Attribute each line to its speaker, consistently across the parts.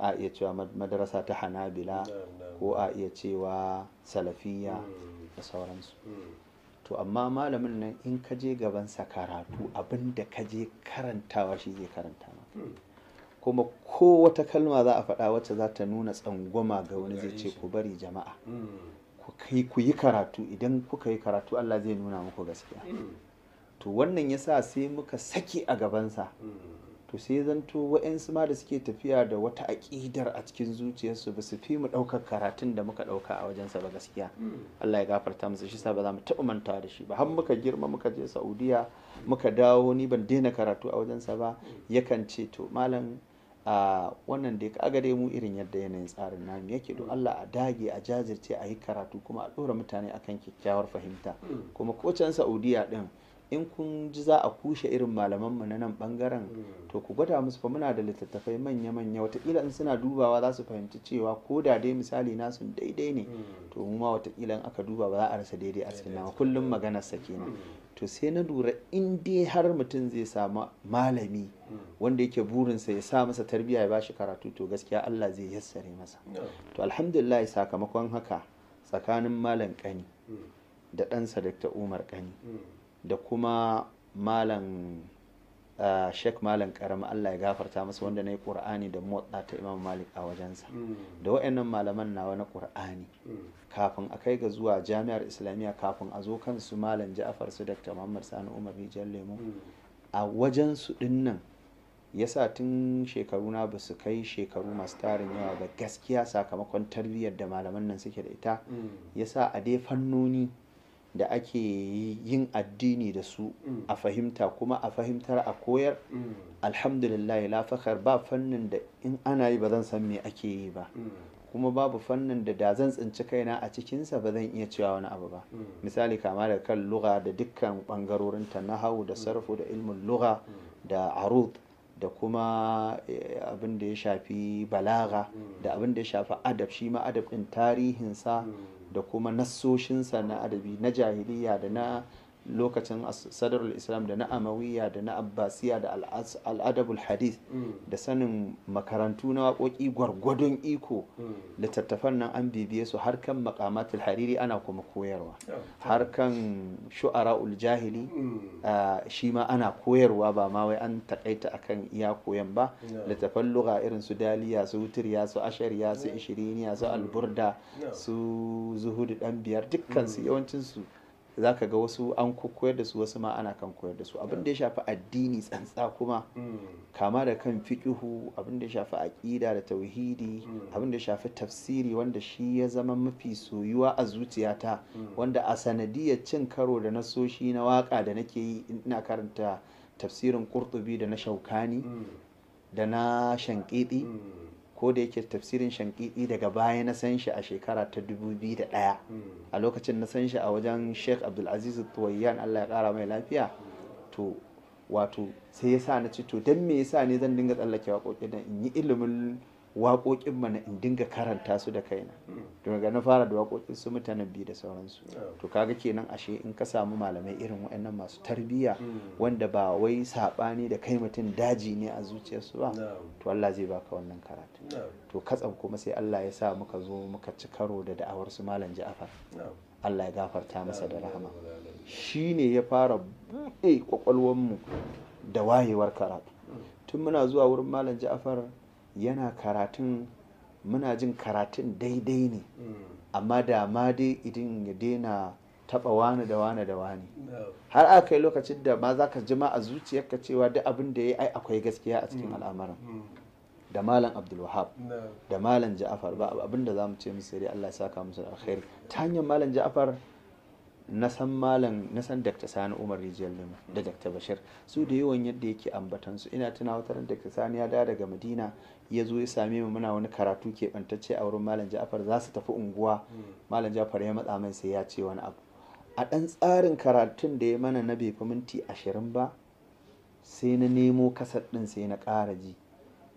Speaker 1: a iya cewa madarasa ta hanabila ko a iya cewa salafiya hmm. da sauransu hmm. to amma malamin nan in ka je gabansa karatu abinda kaje ka je karantawa shi zai karanta hmm. kuma ko wata kalma za a faɗa wacce za ta nuna tsangwama ga wani zai ce ku bari jama'a ku yi karatu idan kuka yi karatu Allah zai nuna muku gaskiya to wannan yasa sai muka saki a gabansa to sai zanto wa'yansu ma da suke tafiya da wata aƙidar a cikin zuciyarsu ba su fi mu ɗaukar karatun da muka ɗauka a wajensa ba gaskiya Allah ya gafarta musu shi sa ba za mu taɓa manta da shi ba har muka girma muka je Saudiya muka dawo ni ban daina karatu a wajensa ba yakan ce to malam a wannan da ya ka dai mu irin yadda yanayin tsarin namu yake don Allah a dage a jajirce a yi karatu kuma a ɗora mutane akan kyakkyawar fahimta kuma ko can Saudiya din in kun ji za a kushe irin malaman mu na nan bangaren hmm. to ku gwada musu fa muna da littattafai manya-manya watakila in suna dubawa za su fahimci cewa ko da dai misali na sun daidai ne hmm. to mu ma watakila in aka duba ba za a rasa daidai a cikin nama kullum magana sa kenan hmm. to sai na lura in dai har mutum zai samu malami wanda yake burinsa ya sa masa tarbiyya ya bashi karatu to gaskiya Allah zai yassare masa to alhamdulillah sakamakon haka tsakanin malam kani da ɗansa Dr. Umar kani da kuma malam shek malam karama Allah ya gafarta masa wanda na yi ƙur'ani da motsa ta imam malik a wajensa mm. da wa'annan malaman nawa na ƙur'ani mm. kafin a kai ga zuwa jami'ar islamiyya kafin a zo kansu malam ja'afar su dr muhammad sani umar rijiyar lemo mm. a wajensu din nan ya sa tun shekaru na ba su kai shekaru masu tarin yawa ba gaskiya sakamakon tarbiyyar da malaman nan suke da ita ya sa a dai fannoni da ake yin addini da su mm. a fahimta kuma a fahimtar a koyar mm. alhamdulillah la fakar ba fannin da in ana yi ba zan san me ake yi ba mm. kuma babu fannin da da zan tsinci kaina a cikinsa ba zan iya cewa wani abu ba misali kama da kan lugha da dukkan bangarorin ta na hau da sarfu da ilmin lugha da arut da kuma eh, abin da ya shafi balaga da abin da ya shafi adab shi ma adab din tarihinsa da kuma nassoshinsa na adabi na jahiliya da na lokacin sadarul islam da na amawiya da na abbasiya da al'adabul hadith mm. da sanin makarantu na waƙoƙi gwargwadon iko mm. littattafan nan an bibiye su har kan makamatul hariri ana kuma koyarwa har kan shu'ara'ul jahili mm. shi ma ana koyarwa ba ma wai an takaita akan iya koyan ba littattafan luga irin su daliya su wutirya su ashariya su ishiriniya su alburda su zuhudu dan biyar dukkan su yawancin su za ka ga wasu an koyar da su wasu ma ana kan koyar da su abin da ya shafi addini tsantsa kuma mm. kama da kan fiƙihu abin da ya shafi aƙida da tauhidi mm. abin da ya shafi tafsiri wanda shi ya zama mafi soyuwa a zuciyata mm. wanda a sanadiyar cin karo da na nasoshi na waka da nake yi ina karanta tafsirin kurtubi da na shaukani da na shanƙiɗi ko da yake tafsirin shanƙiɗi daga baya na san shi a shekara ta 2001 a lokacin na san shi a wajen sheikh abdulaziz tuwayyan allah ya ƙara mai lafiya to wato sai ya sa na ci to don me ya sa ne zan dinga tsallake waƙoƙi dan in yi ilimin waƙoƙin mana in dinga karanta su da kaina to ga na fara da waƙoƙin su mutanen biyu da sauransu oh. to kaga kenan ashe in ka samu malamai irin waɗannan masu tarbiyya hmm. wanda ba wai saɓani da kai mutum daji ne a zuciyarsu ba to Allah zai baka wannan karatu to katsam kuma sai Allah ya sa muka zo muka ci karo da da'awar su malam Ja'far Allah ya gafarta masa da rahama shine ya fara buɗe mu da wayewar karatu hmm. tun muna zuwa wurin malam Ja'far yana karatun muna jin karatun daidai ne mm. amma da ma dai idin ya daina taba wani da wani da wani har aka yi lokacin da ma za ka jima a zuciyarka cewa duk abin da ya yi akwai gaskiya a cikin mm. al'amarin mm. da malam abdulwahab da malam ja'afar ba abin da za mu ce musu dai allah ya saka musu alkhairi ta hanyar malam ja'afar na san malam na san Dr. Sani Umar Rijiyar Lima da Dr. Bashir su da yawan yadda yake ambatan su ina tuna wata Dr. Sani ya dawo daga Madina ya zo ya same mu muna wani karatu keɓantacce a wurin malam Ja'far za su tafi unguwa hmm. malam Ja'far ya matsa mai sai ya ce wani abu a ɗan tsarin karatun da ya mana na bai fi minti ashirin ba sai na nemo kasar ɗin sai na kara ji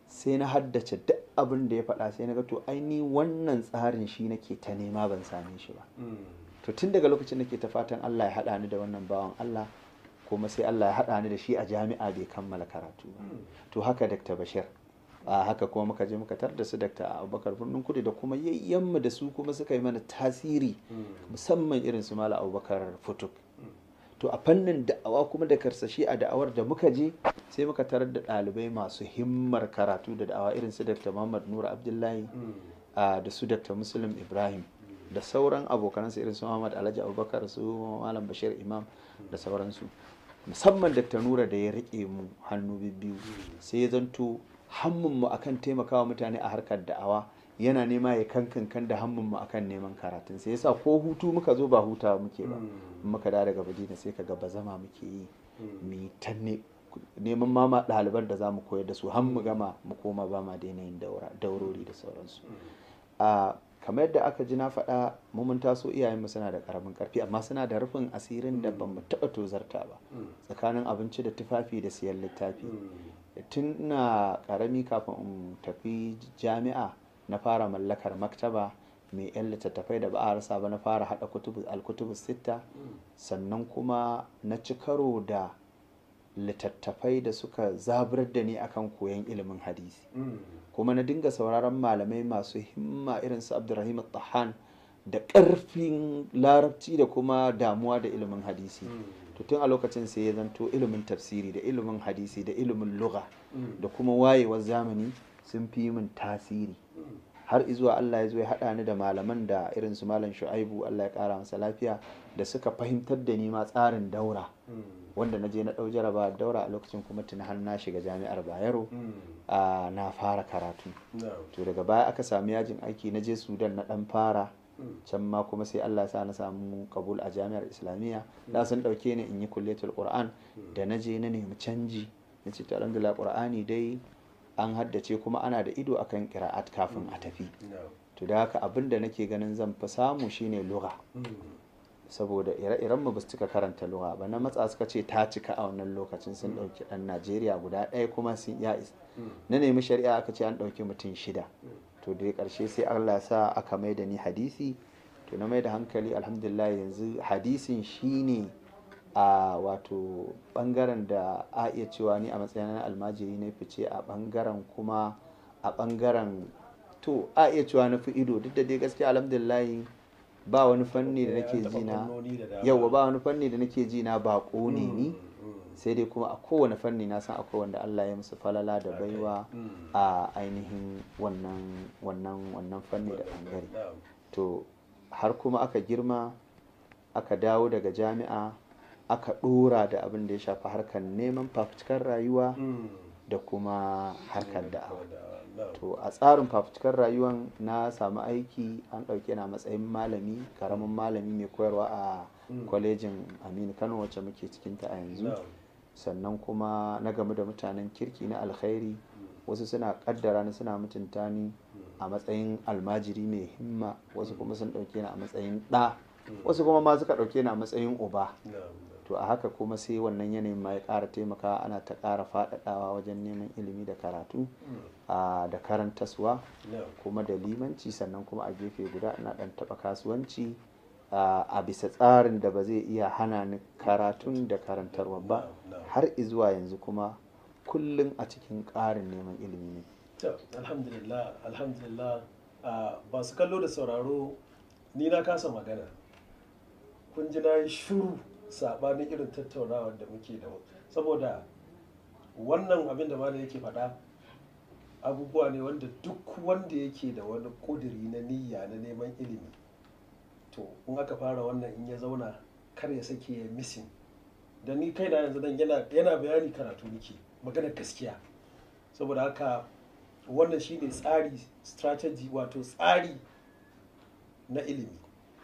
Speaker 1: sai na haddace duk abin da ya faɗa sai na ga to ai ni wannan tsarin shi nake ta nema ban same shi ba hmm. to tun daga lokacin nake ta fatan Allah ya haɗa ni da wannan bawan Allah kuma sai Allah ya haɗa ni da shi a jami'a bai kammala karatu ba to haka Dr. Bashir a haka kuma muka je muka tar da su Dr. Abubakar Birnin Kudu da kuma yayyanmu da su kuma suka yi mana tasiri musamman irin su Malam Abubakar Futuk to a fannin da'awa kuma da karsashi a da'awar da muka je sai muka tarar da ɗalibai masu himmar karatu da da'awa irin su Dr. Muhammad Nura Abdullahi da su Dr. Muslim Ibrahim da sauran abokanansa irin su Muhammad Alhaji Abubakar su Malam Bashir Imam da sauransu musamman ta Nura da ya rike mu hannu biyu sai ya zanto hammun mu akan taimakawa mutane a harkar da'awa yana nema ya kankan da hannun mu akan neman karatun sai yasa ko hutu muka zo ba huta muke ba muka da daga Madina sai kaga ba zama muke yi mi ta neman mama ɗaliban da za mu koyar da su har mu gama mu koma ba ma daina yin daurori da sauransu ah, kamar yadda aka ji na faɗa mun taso mu suna da karamin karfi amma suna da rufin asirin da mm. ban mu taɓa tozarta ba mm. tsakanin abinci da tufafi da siyan littafi mm. tun ina ƙarami kafin in tafi jami'a na fara mallakar maktaba mai yan littattafai da ba a rasa ba na fara haɗa alkutubu sitta sannan kuma na ci karo da littattafai da suka zaburar da ni akan koyon ilimin hadisi hmm. kuma na dinga sauraron malamai masu himma irin su abdurrahim tahan da ƙarfin larabci da kuma damuwa da ilimin hadisi hmm. to tun a lokacin sai ya zanto ilimin tafsiri da ilimin hadisi da ilimin lugha hmm. da kuma wayewar zamani sun fi min tasiri har izuwa Allah ya zo ya haɗa ni da malaman da irin su malam shu'aibu Allah ya ƙara masa lafiya da suka fahimtar da ni ma tsarin daura wanda na je na ɗau jaraba daura a lokacin kuma tuni har na shiga jami'ar bayero mm. na fara karatu to daga baya aka sami yajin aiki na je sudan na ɗan fara mm. can ma kuma sai Allah sa na samu kabul a jami'ar islamiyya mm. da sun ɗauke ni in yi kulletul qur'an da na je na nemi canji na ce taron da qur'ani dai an haddace kuma ana da ido akan kira'at kafin a tafi to da haka abin da nake ganin zan fi samu shine lura. saboda ire-iren mu cika karanta luwa ba na matsa suka ce ta cika a wannan lokacin sun mm. ɗauki ɗan najeriya guda ɗaya kuma sun ya mm. na nemi shari'a aka ce an ɗauki mutum shida mm. to dai karshe sai allah sa aka mai da ni hadisi to na mai da hankali alhamdulillah yanzu hadisin shine a wato bangaren da a iya cewa ni a matsayin almajiri na fice a bangaren kuma a bangaren to a iya cewa na fi ido duk da dai gaskiya alhamdulillah ba wani fanni da nake ji na yawa ba wani fanni da nake ji na bako ne ni mm, mm. sai dai kuma a kowane fanni na san akwai wanda Allah ya musu falala da baiwa mm. a ainihin wannan wannan wannan fanni da bangare to har kuma aka girma aka dawo daga jami'a aka ɗora da abin da ya shafi harkar neman fafutukar rayuwa da kuma harkar da'awa to a tsarin fafutukar rayuwan na samu aiki an ɗauke na matsayin malami karamin malami mai koyarwa a mm. kwalejin aminu kano wacce muke cikinta a yanzu sannan kuma na gamu da mutanen kirki na alkhairi mm. wasu suna kaddara ni suna mutunta ni mm. a matsayin almajiri mai himma wasu kuma sun ɗauke na a matsayin ɗa wasu kuma ma suka ɗauke na a matsayin uba to a haka kuma sai wannan yanayin ma ya ƙara taimakawa ana ta ƙara faɗaɗawa wajen neman ilimi da karatu
Speaker 2: mm.
Speaker 1: da karantaswa kuma da limanci sannan kuma a gefe guda ana ɗan taɓa kasuwanci a bisa tsarin da ba zai iya hana ni karatun da karantarwa ba har izuwa yanzu kuma kullum a cikin ƙarin neman ilimi ne
Speaker 2: alhamdulillah alhamdulillah ba su kallo da sauraro ni na kasa magana kun ji na yi shuru saɓanin irin tattaunawa da muke da saboda wannan abin da malam yake faɗa abubuwa ne wanda duk wanda yake da wani ƙudiri na niyya na neman ilimi to in aka fara wannan in ya zauna kar ya sake ya misin da ni kai na yanzu nan yana bayani karatu muke magana gaskiya saboda haka wannan shine tsari strategy wato tsari na ilimi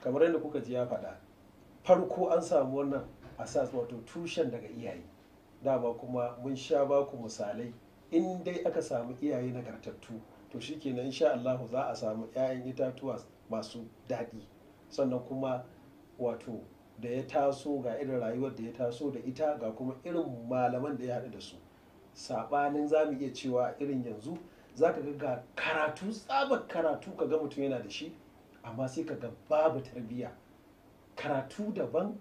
Speaker 2: kamar yadda kuka ji ya faɗa farko an samu wannan asas wato tushen daga iyaye dama kuma mun sha baku misalai in dai aka samu iyaye nagartattu to shikenan insha Allah za a samu 'ya'yan itatuwa masu daɗi sannan kuma wato da ya taso ga irin rayuwar da ya taso da ita ga kuma irin malaman da ya haɗu da su saɓanin za mu iya cewa irin yanzu za ka ga karatu tsabar karatu ka ga mutum yana da shi amma sai ka ga babu tarbiyya karatu daban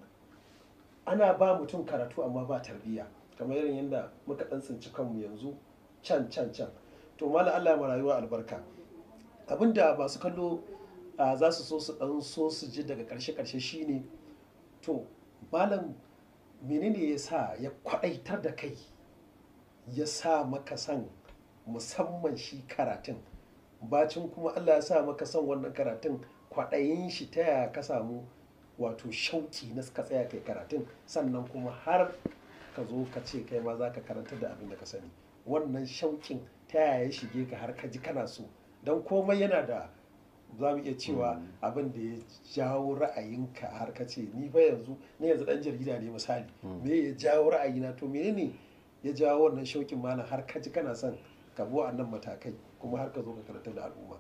Speaker 2: ana ba mutum karatu amma ba tarbiyya kamar irin yadda muka dan tsinci kanmu yanzu can can can to mala Allah ma rayuwa albarka abinda masu kallo za su so su dan so su ji daga karshe karshe shine to malam menene ya sa ya kwadaitar da kai ya sa maka san musamman shi karatun bacin kuma Allah ya sa maka san wannan karatun kwaɗayin shi ta ya ka samu wato shauki na suka tsaya kai karatun sannan kuma har ka zo ka ce kai ma za ka karanta da abin da ka sani wannan shaukin ta yaya shige ka har ka ji kana so don komai yana da za mu iya cewa mm. abin da ya jawo ra'ayinka har ka ce ni fa yanzu ne yanzu dan jarida ne misali mm. me ya jawo ra'ayina to menene ya jawo wannan shaukin malam har ka ji kana son ka bi nan matakai kuma har ka zo ka karanta da al'umma